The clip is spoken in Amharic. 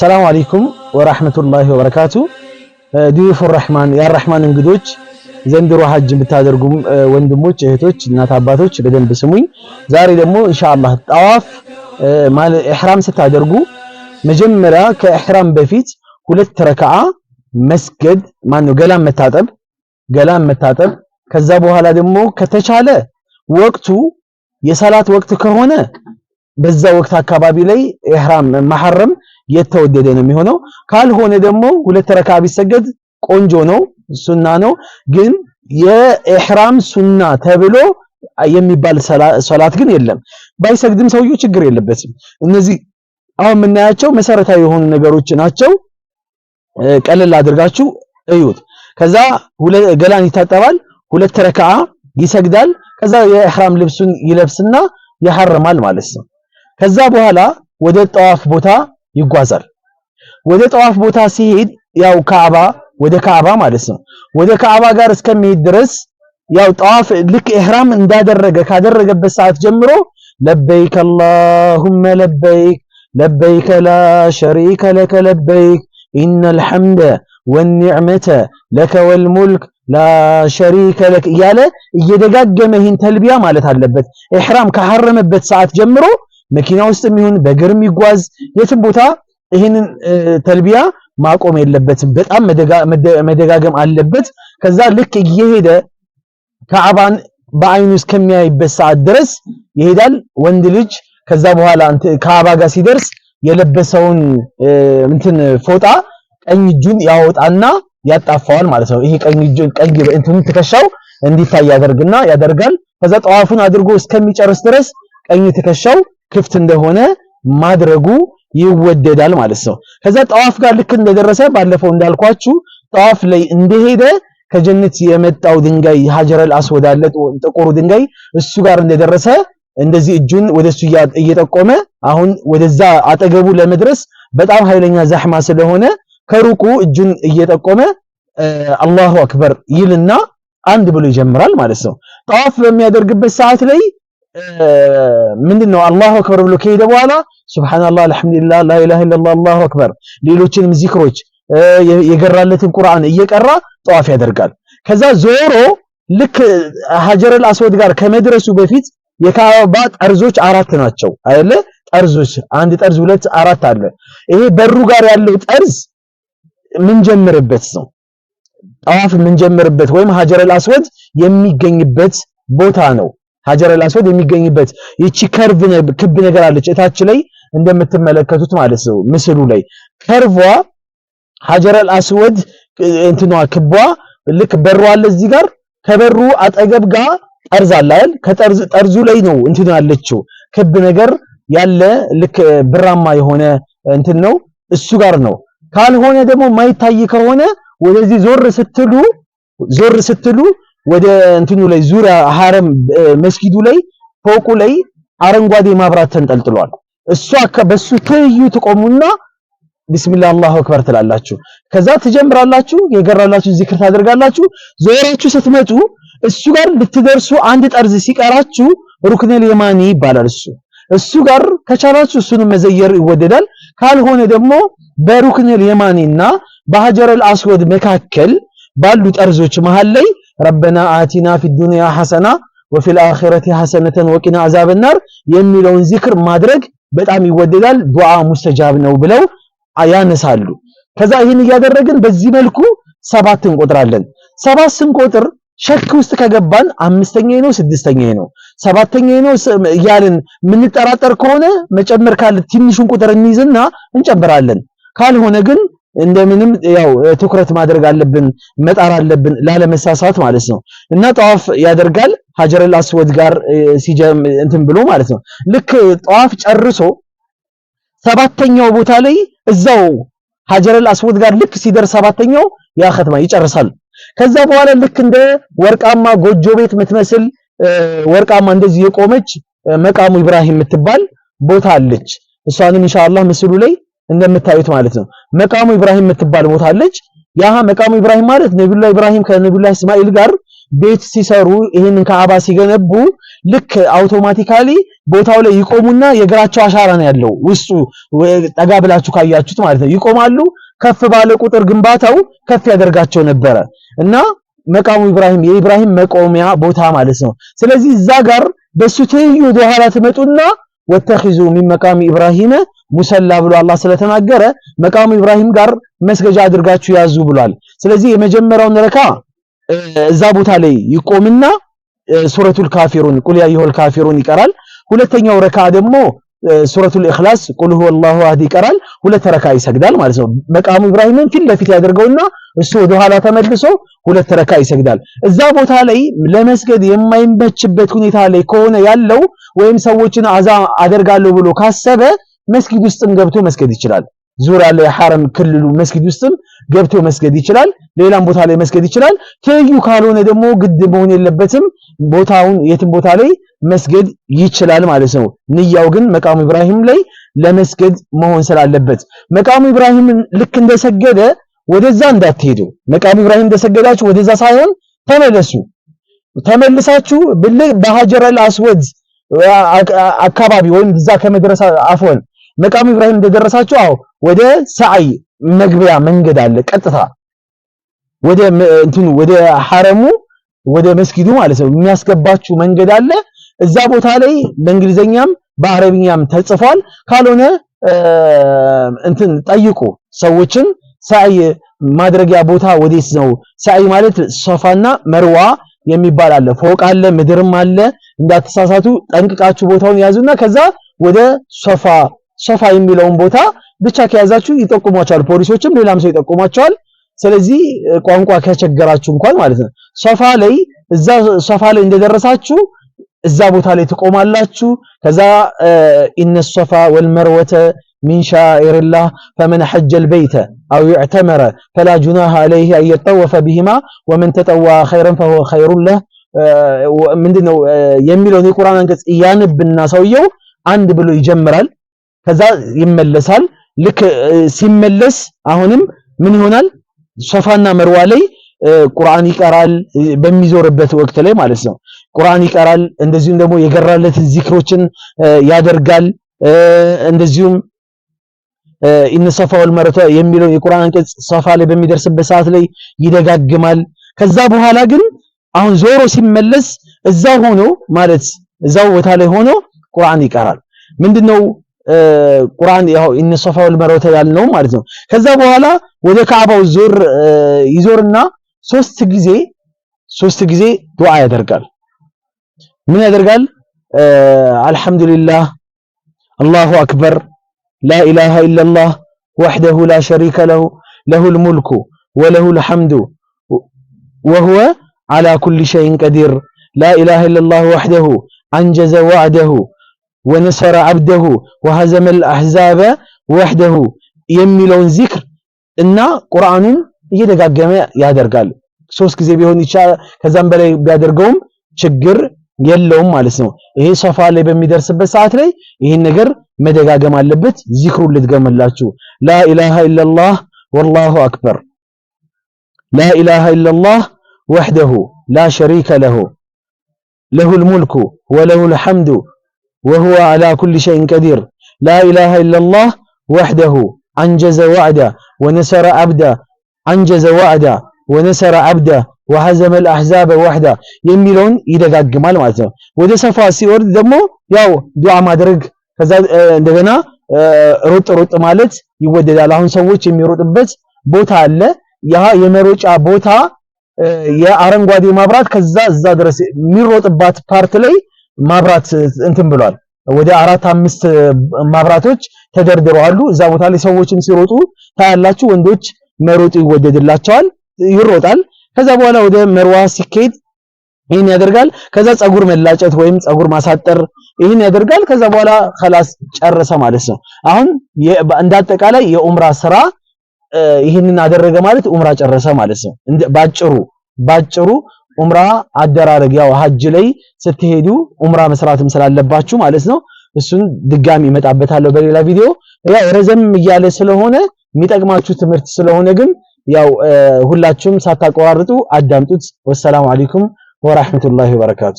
ሰላም አለይኩም ወራህመቱላሂ ወበረካቱ። ዲዩፍ ራህማን የአራህማን እንግዶች ዘንድሮ ሀጅ ብታደርጉም ወንድሞች፣ እህቶች፣ እናት አባቶች በደንብ ስሙኝ። ዛሬ ደግሞ ኢንሻአላህ ጣዋፍ ማለት ኢህራም ስታደርጉ መጀመሪያ ከኢህራም በፊት ሁለት ረከዓ መስገድ ማነው ገላም መታጠብ ገላም መታጠብ ከዛ በኋላ ደግሞ ከተቻለ ወቅቱ የሰላት ወቅት ከሆነ በዛ ወቅት አካባቢ ላይ ኢህራም ማሐረም የተወደደ ነው የሚሆነው። ካልሆነ ደግሞ ሁለት ረካ ቢሰገድ ቆንጆ ነው፣ ሱና ነው። ግን የኢህራም ሱና ተብሎ የሚባል ሰላት ግን የለም። ባይሰግድም ሰውየው ችግር የለበትም። እነዚህ አሁን የምናያቸው መሰረታዊ የሆኑ ነገሮች ናቸው። ቀለል አድርጋችሁ እዩት። ከዛ ገላን ይታጠባል፣ ሁለት ረካ ይሰግዳል። ከዛ የኢህራም ልብሱን ይለብስና ያሐርማል ማለት ነው። ከዛ በኋላ ወደ ጠዋፍ ቦታ ይጓዛል። ወደ ጠዋፍ ቦታ ሲሄድ ያው ካዕባ ወደ ካዕባ ማለት ነው። ወደ ካዕባ ጋር እስከሚሄድ ድረስ ያው ጠዋፍ ልክ ኢህራም እንዳደረገ ካደረገበት ሰዓት ጀምሮ ለበይክ አላሁመ ለበይክ ለበይከ ላ ሸሪከ ለከ ለበይክ ኢነል ሐምደ ወኒዕመተ ለከ ወልሙልክ ላ ሸሪከ ለክ እያለ እየደጋገመ ይህን ተልቢያ ማለት አለበት። ኢህራም ካሐረመበት ሰዓት ጀምሮ መኪና ውስጥ የሚሆን በእግር የሚጓዝ የትም ቦታ ይህንን ተልቢያ ማቆም የለበትም። በጣም መደጋገም አለበት። ከዛ ልክ እየሄደ ከአባን በአይኑ እስከሚያይበት ሰዓት ድረስ ይሄዳል ወንድ ልጅ። ከዛ በኋላ ከዓባ ጋር ሲደርስ የለበሰውን እንትን ፎጣ ቀኝ እጁን ያወጣና ያጣፋዋል ማለት ነው። ይሄ ቀኝ እጁን ቀኝ እንትኑ ትከሻው እንዲታይ ያደርግና ያደርጋል። ከዛ ጠዋፉን አድርጎ እስከሚጨርስ ድረስ ቀኝ ትከሻው ክፍት እንደሆነ ማድረጉ ይወደዳል ማለት ነው። ከዛ ጠዋፍ ጋር ልክ እንደደረሰ ባለፈው እንዳልኳችሁ ጠዋፍ ላይ እንደሄደ ከጀነት የመጣው ድንጋይ ሀጀረል አስወድ አለ ጥቁሩ ድንጋይ እሱ ጋር እንደደረሰ እንደዚህ እጁን ወደሱ እየጠቆመ አሁን ወደዛ አጠገቡ ለመድረስ በጣም ኃይለኛ ዛህማ ስለሆነ ከሩቁ እጁን እየጠቆመ አላሁ አክበር ይልና አንድ ብሎ ይጀምራል ማለት ነው። ጠዋፍ በሚያደርግበት ሰዓት ላይ ምንድነው አላሁ አክበር ብሎ ከሄደ በኋላ ሱብሃንአላህ፣ አልሐምዱሊላህ፣ ላኢላሃ ኢለላህ፣ አላሁ አክበር ሌሎችንም ዚክሮች የገራለትን ቁርአን እየቀራ ጠዋፍ ያደርጋል። ከዛ ዞሮ ልክ ሀጀረል አስወድ ጋር ከመድረሱ በፊት የካባ ጠርዞች አራት ናቸው አይደለ? ጠርዞች አንድ ጠርዝ ሁለት አራት አለ። ይሄ በሩ ጋር ያለው ጠርዝ የምንጀምርበት ነው ጠዋፍ የምንጀምርበት ወይም ሀጀረል አስወድ የሚገኝበት ቦታ ነው። ሀጀር አልአስወድ የሚገኝበት ይቺ ከርቭ ክብ ነገር አለች እታች ላይ እንደምትመለከቱት ማለት ነው ምስሉ ላይ ከርቧ ሀጀር አልአስወድ እንትኗ ክቧ ልክ በሩ አለ እዚህ ጋር ከበሩ አጠገብ ጋር ጠርዝ አለ አይደል ከጠርዝ ጠርዙ ላይ ነው እንትኑ ያለችው ክብ ነገር ያለ ልክ ብራማ የሆነ እንትን ነው እሱ ጋር ነው ካልሆነ ደግሞ ማይታይ ከሆነ ወደዚህ ዞር ስትሉ ዞር ስትሉ ወደ እንትኑ ላይ ዙሪያ ሐረም መስጊዱ ላይ ፎቁ ላይ አረንጓዴ ማብራት ተንጠልጥሏል። እሷ በሱ ትይዩ ትቆሙና ቢስሚላህ አላሁ አክበር ትላላችሁ። ከዛ ትጀምራላችሁ፣ የገራላችሁ ዚክር ታደርጋላችሁ። ዞራችሁ ስትመጡ እሱ ጋር ልትደርሱ አንድ ጠርዝ ሲቀራችሁ ሩክኔል የማኒ ይባላል። እሱ እሱ ጋር ከቻላችሁ እሱንም መዘየር ይወደዳል። ካልሆነ ደግሞ በሩክኔል የማኒና በሀጀረል አስወድ መካከል ባሉ ጠርዞች መሃል ላይ ረበና አቲና ፊዱንያ ሐሰና ወፊል አኺረቲ ሐሰነተን ወቂና አዛብናር የሚለውን ዚክር ማድረግ በጣም ይወደዳል። ዱዓ ሙስተጃብ ነው ብለው ያነሳሉ። ከዛ ይህን እያደረግን በዚህ መልኩ ሰባት እንቆጥራለን። ሰባት ስንቆጥር ሸክ ውስጥ ከገባን አምስተኛ ነው ስድስተኛ ነው ሰባተኛ ነው እያልን የምንጠራጠር ከሆነ መጨመር ካለ ትንሹን ቁጥር እንይዝና እንጨምራለን። ካልሆነ ግን እንደምንም ያው ትኩረት ማድረግ አለብን፣ መጣር አለብን ላለመሳሳት ማለት ነው። እና ጠዋፍ ያደርጋል ሀጀረል አስወድ ጋር ሲጀም እንትን ብሎ ማለት ነው። ልክ ጠዋፍ ጨርሶ ሰባተኛው ቦታ ላይ እዛው ሀጀረል አስወድ ጋር ልክ ሲደርስ ሰባተኛው ያ ኸትማ ይጨርሳል። ከዛ በኋላ ልክ እንደ ወርቃማ ጎጆ ቤት የምትመስል ወርቃማ እንደዚህ የቆመች መቃሙ ኢብራሂም የምትባል ቦታ አለች። እሷንም ኢንሻአላህ ምስሉ ላይ እንደምታዩት ማለት ነው። መቃሙ ኢብራሂም የምትባል ቦታ አለች። ያ መቃሙ ኢብራሂም ማለት ነብዩላህ ኢብራሂም ከነብዩላህ እስማኤል ጋር ቤት ሲሰሩ ይህንን ከአባ ሲገነቡ ልክ አውቶማቲካሊ ቦታው ላይ ይቆሙና የእግራቸው አሻራ ነው ያለው ውስጡ ጠጋ ብላችሁ ካያችሁት ማለት ነው። ይቆማሉ። ከፍ ባለ ቁጥር ግንባታው ከፍ ያደርጋቸው ነበረ እና መቃሙ ኢብራሂም የኢብራሂም መቆሚያ ቦታ ማለት ነው። ስለዚህ እዛ ጋር በሱ ትይዩ በኋላ ትመጡና ወተኺዙ ሚን መቃሚ ኢብራሂም ሙሰላ ብሎ አላህ ስለተናገረ መቃሙ ኢብራሂም ጋር መስገጃ አድርጋችሁ ያዙ ብሏል። ስለዚህ የመጀመሪያውን ረካ እዛ ቦታ ላይ ይቆምና ሱረቱል ካፊሩን ቁል ያ ካፊሩን ይቀራል። ሁለተኛው ረካ ደግሞ ሱረቱል ኢኽላስ ቁል ሁወላሁ አህድ ይቀራል። ሁለት ረካ ይሰግዳል ማለት ነው። መቃሙ ኢብራሂምን ፊት ለፊት ያደርገውና እሱ ወደኋላ ተመልሶ ሁለት ረካ ይሰግዳል። እዛ ቦታ ላይ ለመስገድ የማይመችበት ሁኔታ ላይ ከሆነ ያለው ወይም ሰዎችን አዛ አደርጋለሁ ብሎ ካሰበ መስጊድ ውስጥም ገብቶ መስገድ ይችላል። ዙሪያ ላይ ሐረም ክልሉ መስጊድ ውስጥም ገብቶ መስገድ ይችላል። ሌላም ቦታ ላይ መስገድ ይችላል። ትይዩ ካልሆነ ደግሞ ግድ መሆን የለበትም ቦታውን የትም ቦታ ላይ መስገድ ይችላል ማለት ነው። ንያው ግን መቃሙ ኢብራሂም ላይ ለመስገድ መሆን ስላለበት መቃሙ ኢብራሂም ልክ እንደሰገደ ወደዛ እንዳትሄዱ። መቃሙ ኢብራሂም እንደሰገዳችሁ ወደዛ ሳይሆን ተመለሱ። ተመልሳችሁ በሀጀረል አስወድ አካባቢ ወይም እዛ ከመድረሳ አፎን መቃሙ ኢብራሂም እንደደረሳችሁ፣ አዎ ወደ ሰዓይ መግቢያ መንገድ አለ። ቀጥታ ወደ እንትኑ ወደ ሐረሙ ወደ መስጊዱ ማለት ነው የሚያስገባችሁ መንገድ አለ። እዛ ቦታ ላይ በእንግሊዘኛም በአረብኛም ተጽፏል። ካልሆነ እንትን ጠይቁ ሰዎችን ሳይ ማድረጊያ ቦታ ወዴት ነው? ሳይ ማለት ሶፋና መርዋ የሚባል አለ። ፎቅ አለ፣ ምድርም አለ። እንዳትሳሳቱ ጠንቅቃችሁ ቦታውን ያዙና ከዛ ወደ ሶፋ ሶፋ የሚለውን ቦታ ብቻ ከያዛችሁ ይጠቁሟቸዋል። ፖሊሶችም ሌላም ሰው ይጠቁሟቸዋል። ስለዚህ ቋንቋ ከቸገራችሁ እንኳን ማለት ነው ሶፋ ላይ እዛ ሶፋ ላይ እንደደረሳችሁ እዛ ቦታ ላይ ትቆማላችሁ። ከዛ ኢነ ሶፋ ወልመርወተ ሚን ሻኢሪላህ ፈመን ሐጀል በይተ አው ይዕተመረ ፈላ ጁናሃ አለይህ አን ቢሂማ ወመን ተጠዋ ኸይረን ፈሁወ ኸይሩን ለህ። ምንድነው የሚለውን የቁርአን አንቀጽ እያነብና ሰውየው አንድ ብሎ ይጀምራል። ከዛ ይመለሳል። ልክ ሲመለስ አሁንም ምን ይሆናል? ሶፋና መርዋ ላይ ቁርአን ይቀራል። በሚዞርበት ወቅት ላይ ማለት ነው። ቁርአን ይቀራል። እንደዚሁም ደግሞ የገራለት ዚክሮችን ያደርጋል። እንደዚሁም ኢነ ሶፋ ወል የሚለው የቁርአን አንቀጽ ሶፋ ላይ በሚደርስበት ሰዓት ላይ ይደጋግማል። ከዛ በኋላ ግን አሁን ዞሮ ሲመለስ እዛው ሆኖ ማለት እዛው ቦታ ላይ ሆኖ ቁርአን ይቀራል። ምንድነው ቁርአን ያው እንሰፋ ወልመርወተ ያልነው ማለት ነው። ከዛ በኋላ ወደ ካዕባው ዞር ይዞርና ሶስት ጊዜ ሶስት ጊዜ ዱዓ ያደርጋል። ምን ያደርጋል? አልሐምዱሊላህ፣ አላሁ አክበር፣ ላኢላሃ ኢለላህ ወህደሁ ላ ሸሪከ ለሁ ለሁል ሙልኩ ወለሁል ሐምዱ ወሁወ ዐላ ኩሊ ሸይን ቀዲር ላኢላሃ ኢለላህ ወህደሁ አንጀዘ ወዐደሁ ወነሰረ አብደሁ ወሀዘመል አህዛበ ወህደሁ የሚለውን ዚክር እና ቁርአኑን እየደጋገመ ያደርጋል። ሶስት ጊዜ ቢሆን ይቻላል። ከዛም በላይ ቢያደርገውም ችግር የለውም ማለት ነው። ይሄ ሶፋ ላይ በሚደርስበት ሰዓት ላይ ይህን ነገር መደጋገም አለበት። ዚክሩን ልድገምላችሁ። ላኢላሃ ኢለላህ ወላሁ አክበር፣ ላኢላሃ ኢለላህ ወህደሁ ላ ሸሪከ ለሁ ለሁል ሙልኩ ወለሁል ሐምዱ ወሁወ ዓላ ኩሊ ሸይን ቀዲር ላኢላሃ ኢለላህ ወሕደሁ አንጀዘ ዋዕዳ ወነሰረ አብዳ አንጀዘ ዋዕዳ ወነሰረ አብዳ ወሐዘመል አሕዛበ ወሕዳ የሚለውን ይደጋግማል ማለት ነው። ወደ ሰፋ ሲወርድ ደግሞ ያው ዱዓ ማድረግ ከዛ እንደገና ሩጥ ሩጥ ማለት ይወደዳል። አሁን ሰዎች የሚሮጥበት ቦታ አለ። ያ የመሮጫ ቦታ የአረንጓዴ ማብራት ከዛ እዛ ድረስ የሚሮጥባት ፓርት ላይ ማብራት እንትን ብሏል። ወደ አራት አምስት ማብራቶች አሉ። እዛ ቦታ ላይ ሰዎችም ሲሮጡ ታያላችሁ። ወንዶች መሮጥ ይወደድላቸዋል፣ ይሮጣል። ከዛ በኋላ ወደ መርዋ ሲኬድ ይህን ያደርጋል። ከዛ ፀጉር መላጨት ወይም ፀጉር ማሳጠር ይህን ያደርጋል። ከዛ በኋላ ከላስ ጨረሰ ማለት ነው። አሁን እንዳጠቃላይ የኡምራ ስራ ይህንን አደረገ ማለት ኡምራ ጨረሰ ማለት ነው። ባጭሩ ባጭሩ ኡምራ አደራረግ ያው ሀጅ ላይ ስትሄዱ ኡምራ መስራትም ስላለባችሁ ማለት ነው። እሱን ድጋሚ እመጣበታለሁ በሌላ ቪዲዮ። ያው ረዘም እያለ ስለሆነ የሚጠቅማችሁ ትምህርት ስለሆነ ግን ያው ሁላችሁም ሳታቆራርጡ አዳምጡት። ወሰላሙ አለይኩም ወራህመቱላሂ ወበረካቱ።